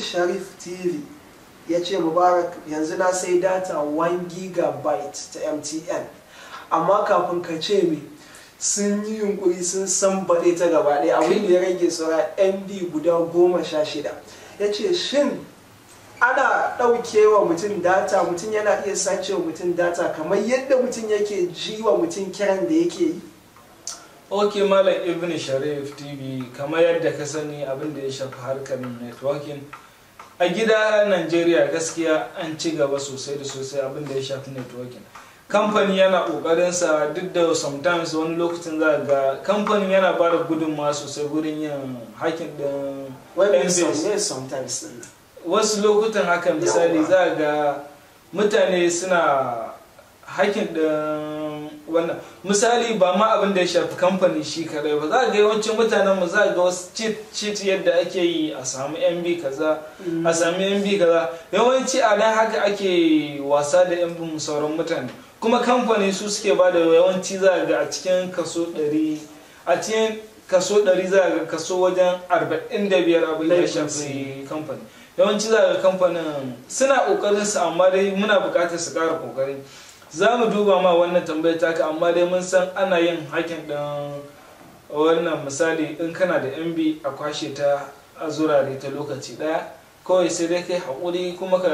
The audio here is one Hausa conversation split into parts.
Sharif TV ya ce Mubarak yanzu na sai data 1 gigabyte ta MTN amma kafin ka ce mai sun yi yunkuri sun san baɗe ta gaba ɗaya abin da ya rage saura md guda goma sha shida ya ce shin ana ɗaukewa mutum data mutum yana iya sacewa mutum data kamar yadda mutum yake ji wa mutum kiran da yake yi ok malam ibn sharif tv kamar yadda ka sani abin da ya shafi harkar networking a gida a Najeriya gaskiya an ci gaba sosai da sosai abin da ya shafi networking kamfani yana kokarin sa duk da sometimes wani lokacin za ga kamfani yana ba da gudunmawa sosai gurin yin hakin din wasu lokutan hakan misali za ga mutane suna hakin da wannan misali ba ma abin da ya shafi kamfani shi kadai ba za a ga yawancin mutanen mu za ga wasu cheat cheat yadda ake yi a samu MB kaza a samu MB kaza yawanci a nan haka ake wasa da MB mu sauran mutane kuma kamfani su suke ba da yawanci za ga a cikin kaso 100 a cikin kaso 100 za ga kaso wajen 45 abin da ya shafi kamfani yawanci za a ga kamfanin suna kokarin su amma dai muna bukatar su ƙara kokarin za mu duba ma wannan tambayar taka amma dai mun san ana yin hakin ɗan wannan misali in kana da mb a kwashe ta a zurare ta lokaci ɗaya kawai sai dai kai haƙuri kuma ka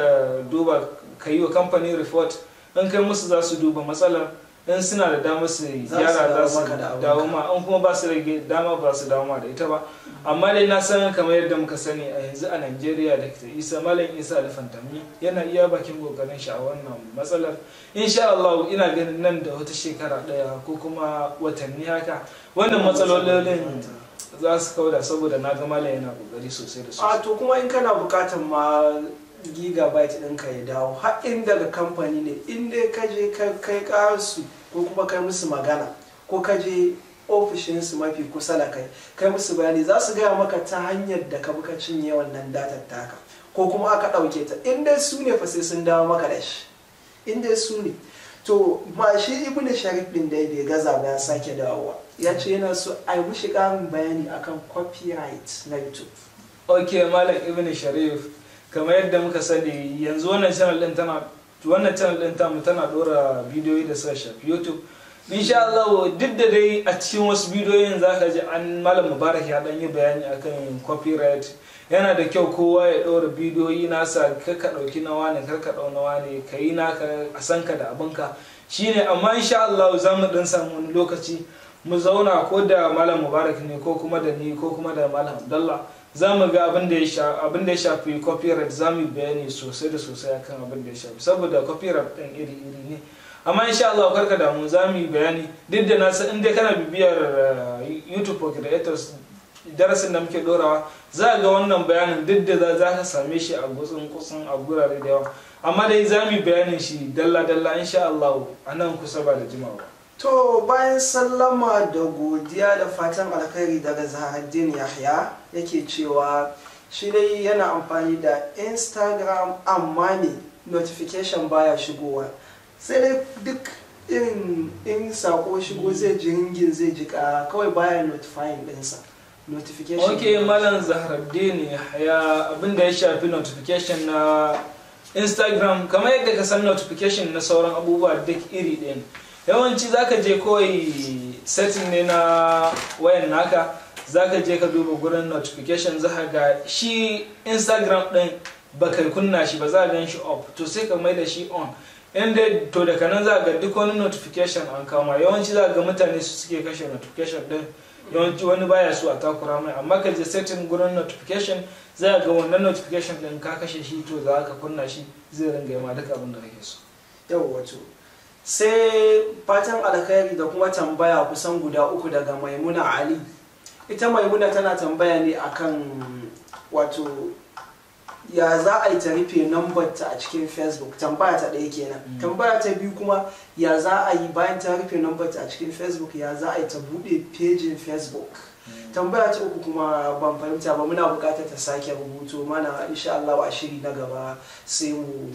duba ka yi wa kamfani report in kai musu za su duba matsalar in suna da dama su yara za su dawo ma in kuma ba su rage dama ba su dawo ma da ita ba amma dai na san kamar yadda muka sani a yanzu a Najeriya da ke isa malam isa da fantami yana iya bakin kokarin shi a wannan matsalar insha Allah ina ganin nan da wata shekara daya ko kuma watanni haka wannan matsalolin za su kauda saboda na ga malam yana kokari sosai da sosai a to kuma in kana bukatan ma gigabyte ka ya dawo haɗin daga kamfani ne in dai ka je kai ƙararsu ko kuma kai musu magana ko ka je ofishinsu mafi kusa da kai kai musu bayani za su gaya maka ta hanyar da ka buka cinye wannan datar taka ko kuma aka ɗauke ta in dai su ne fa sai sun dawo maka da shi in dai su ne to ma shi ibn sharif din dai bai gaza ba ya sake dawowa ya ce yana so a yi ƙarin bayani akan copyright na youtube ok malam ibnu sharif kamar yadda muka sani yanzu wannan channel din tana wannan channel din tamu tana dora bidiyoyi da suka shafi youtube insha Allah duk da dai a cikin wasu bidiyoyin zaka ji an malam mubarak ya dan yi bayani akan copyright yana da kyau kowa ya ɗora bidiyoyi nasa ka ɗauki na wani kar ka ɗau na wani ka yi naka a san ka da ka shine amma insha Allah za mu ɗan samu wani lokaci mu zauna ko da malam mubarak ne ko kuma da ni ko kuma da malam abdallah za mu ga abin da ya shafi copyright za mu bayani sosai da sosai akan abin da ya shafi saboda copyright ɗin iri-iri ne amma insha Allah karka damu za mu yi bayani duk da nasa inda kana bibiyar eh, YouTube for creators darasin da muke dorawa za ga wannan bayanin duk da za ka same shi a gutsun kusan a gurare da yawa amma dai za mu yi bayanin shi dalla-dalla insha Allah a nan kusa ba da jimawa To bayan sallama da godiya da fatan alkhairi daga zahardin Yahya yake cewa shi dai yana amfani da Instagram amma ne notification baya shigowa. Sai dai duk in sako shigo zai ji zai jika kawai baya notifying dinsa Notification. Ok, Malam Zaharuddin Yahya abinda ya shafi notification na Instagram kamar yadda ka san notification na sauran abubuwa duk iri ɗin. yawanci zaka je kawai setting ne na wayan naka zaka je ka duba gurin notification zaka ga shi instagram din ba kai kunna shi ba za a gan shi up to sai ka mai da shi on inda to daga nan za ga duk wani notification an kama yawanci za ga mutane su suke kashe notification din yawanci wani baya su a takura mai amma ka je setting gurin notification za ga wannan notification din ka kashe shi to za ka kunna shi zai ringa ma duk abin da kake so yau wato sai fatan alkhairi da kuma tambaya kusan guda uku daga maimuna ali ita maimuna tana tambaya ne akan wato ya za a yi ta rufe nambar ta a cikin facebook tambaya ta ɗaya kenan mm. tambaya ta biyu kuma ya za a yi bayan ta rufe nambar ta a cikin facebook ya za a yi ta buɗe pejin facebook mm. tambaya ta uku kuma ban fahimta ba muna buƙatar ta sake rubuto mana insha Allah a shiri na gaba sai mu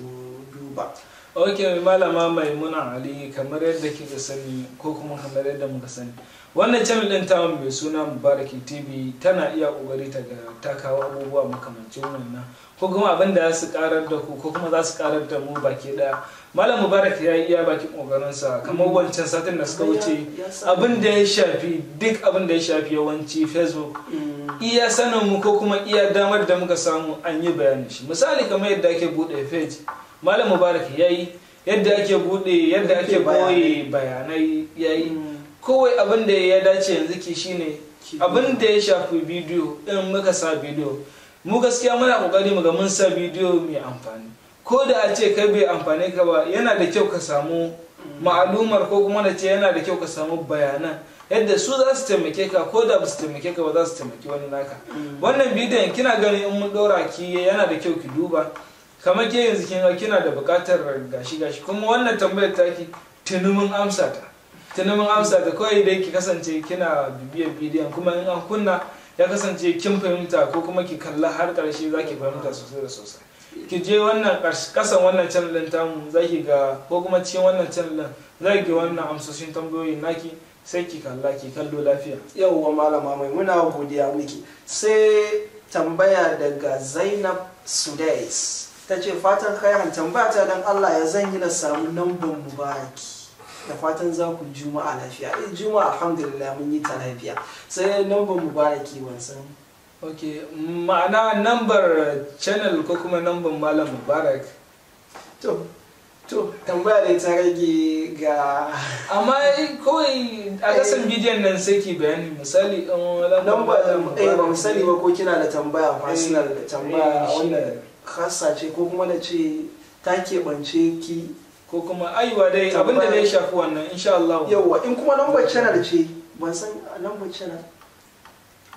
duba ok malama maimuna ali kamar yadda kika sani ko kuma kamar yadda muka sani wannan channel din ta mai suna mubaraki tv tana iya kokari ta ga takawa abubuwa makamancin wannan ko kuma abin da su karar da ku ko kuma za su karar da mu baki daya malam mubarak ya yi iya bakin sa kamar mm. wancan satin da suka wuce abin da ya shafi duk abinda ya shafi yawanci facebook mm. iya sanin mu ko kuma iya damar da muka samu an yi bayanin shi misali kamar yadda ake bude page malam mubarak ya yi yadda ake bude yadda ake boye bayanai ya yi mm. kowai abin da ya dace yanzu ki shine abin da ya shafi bidiyo in muka sa bidiyo mu gaskiya muna kokari mu ga mun sa bidiyo mai amfani ko da a ce kai bai amfani ka ba yana da kyau ka samu mm. ma'alumar ko kuma da ce yana da kyau ka samu bayanan yadda su za su taimake ka ko da ba su taimake ka ba za su taimaki wani naka mm. wannan bidiyon kina ganin in mun ɗora ki yana da kyau ki duba kamar ke yanzu kin kina da buƙatar gashi gashi kuma wannan tambayar taki tunumin amsa ta tunumin amsa ta kawai dai ki kasance kina bibiyar bidiyon kuma in an kunna ya kasance kin fahimta ko kuma ki kalla har karshe za ki fahimta sosai da sosai ki je wannan kasan wannan channel tamu za ki ga ko kuma cikin wannan channel za ki ga wannan amsoshin tambayoyin naki sai ki kalla ki kallo lafiya yawwa malama mai muna godiya miki sai tambaya daga zainab sudais ta ce fatan khairan tambaya ta dan Allah ya zan yi na samu ban mubaraki da fatan za ku juma'a lafiya eh juma'a alhamdulillah mun yi ta lafiya sai ban mubaraki ban san ok ma'ana number channel ko kuma number malam mubarak to to tambaya da ta rage ga amma kawai a kasan eh. bidiyon nan sai ki bayani misali Number eh ba misali ba ko kina da tambaya personal eh, tambaya eh, wannan khassa ce ko kuma na ce ta keɓance ki ko kuma aiwa dai abin da ya shafi wannan insha Allah yawa in kuma lambar channel ce ban san lambar channel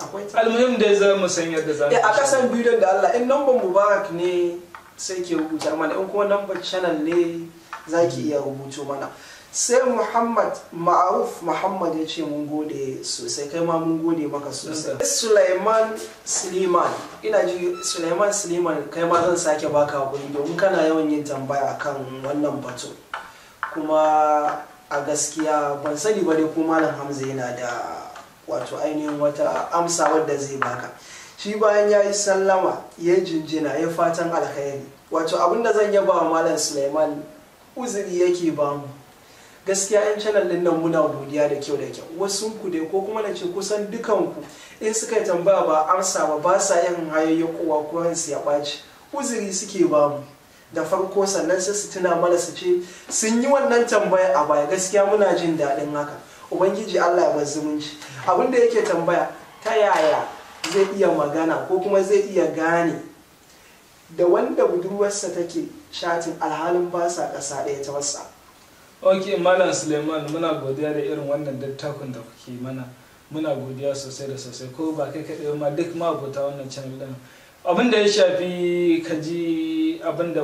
akwai almuhim da za mu san yadda za mu eh, a kasan bidiyon da Allah in lambar mubarak ne sai ke rubuta mana in kuma lambar channel ne zaki iya rubuto mana sai muhammad ma'aruf muhammad ya ce mun gode sosai kai ma mun gode maka sosai mm-hmm. suleiman suleiman ina ji suleiman suleiman kai ma zan sake baka hakuri domin kana yawan yin tambaya kan wannan batu kuma a gaskiya ban sani ba dai ko malam hamza yana da wato ainihin wata amsa wadda zai baka shi bayan ya yi sallama ya jinjina ya fatan alkhairi wato abinda zan yaba wa malam suleiman uzuri yake bamu gaskiya yan canal din nan muna godiya da kyau da kyau wasu ku dai ko kuma nace kusan dukanku? in suka yi tambaya ba amsa ba ba sa yin kowa, ko hansu ya ɓaci uzuri suke ba mu da farko sannan sai su tuna mana su ce sun yi wannan tambaya a baya gaskiya muna jin daɗin haka ubangiji allah ya bar zumunci abin da yake tambaya ta yaya zai iya magana ko kuma zai iya gane da wanda budurwarsa take shatin alhalin ba sa ƙasa ɗaya ta wasa ok malam suleiman muna godiya da irin wannan dattakun da kuke mana muna godiya sosai da sosai ko ba kai kaɗai ma duk ma abota wannan channel din abin da ya shafi ka ji abin da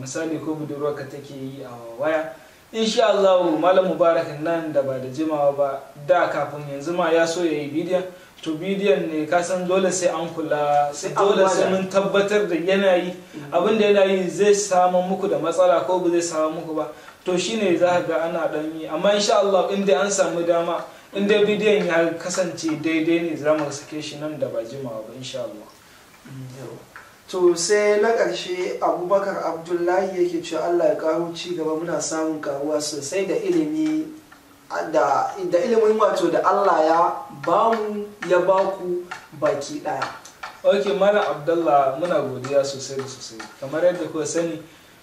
misali ko budurwarka take yi a waya in insha Allah malam mubarak nan da ba da jimawa ba da kafin yanzu ma ya so ya yi bidiyon to bidiyon ne ka san dole sai an kula sai dole sai mun tabbatar da yanayi abin da yanayi zai samu muku da matsala ko ba zai samu muku ba to shine za ga ana ɗan yi amma insha Allah inda an samu dama inda bidiyon ya kasance daidai ne za mu sake shi nan da ba jimawa ba insha Allah to sai na ƙarshe abubakar abdullahi yake cewa allah ya karo ci gaba muna samun karuwa sosai da ilimi da ilimin wato da allah ya bamu ya baku baki ɗaya ok mana abdullah muna godiya sosai da sosai kamar yadda kuka sani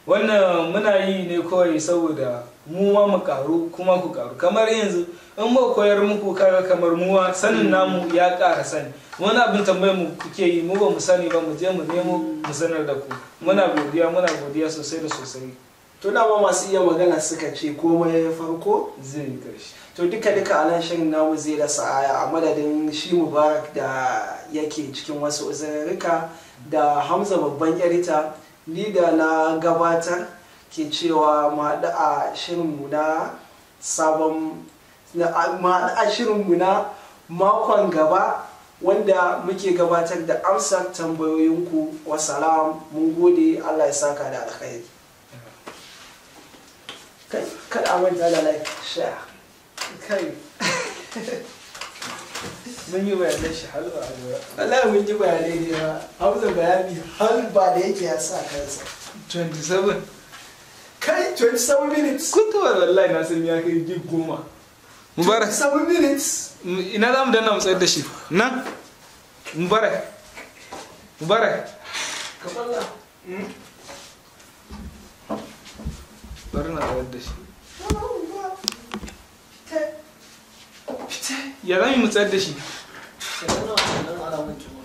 wannan muna yi ne kawai saboda mu ma mu karu kuma ku karu kamar yanzu in ba koyar muku kaga kamar muwa sanin namu ya kara sani wani abin tambayar mu kuke yi mu ba mu sani ba mu je mu nemo mu sanar da ku muna godiya muna godiya sosai da sosai to da ma masu iya magana suka ce komai farko zai yi karshe to duka duka a shirin namu zai rasa aya a madadin shi mubarak da yake cikin wasu uzurrika da hamza babban yarita leader na gabatar ke cewa maɗa a shirinmu na sabon maɗa a shirinmu na makon gaba wanda muke gabatar da amsar tambayoyinku wasalam mun gode allah ya saka da alkhairi kai kada manta da like share kai mun yi bayanan shi har ba a Allah mun ji bayanai ne ba hausa bayani har ba da yake ya sa kansa 27 kai 27 minutes kutuwar wallahi na san ya kai gig goma mubarak 27 minutes ina za mu danna mu tsayar da shi nan mubarak mubarak ka falla hmm. bari na tsayar da shi ya yi da shi 네, 오늘 하나 오늘 주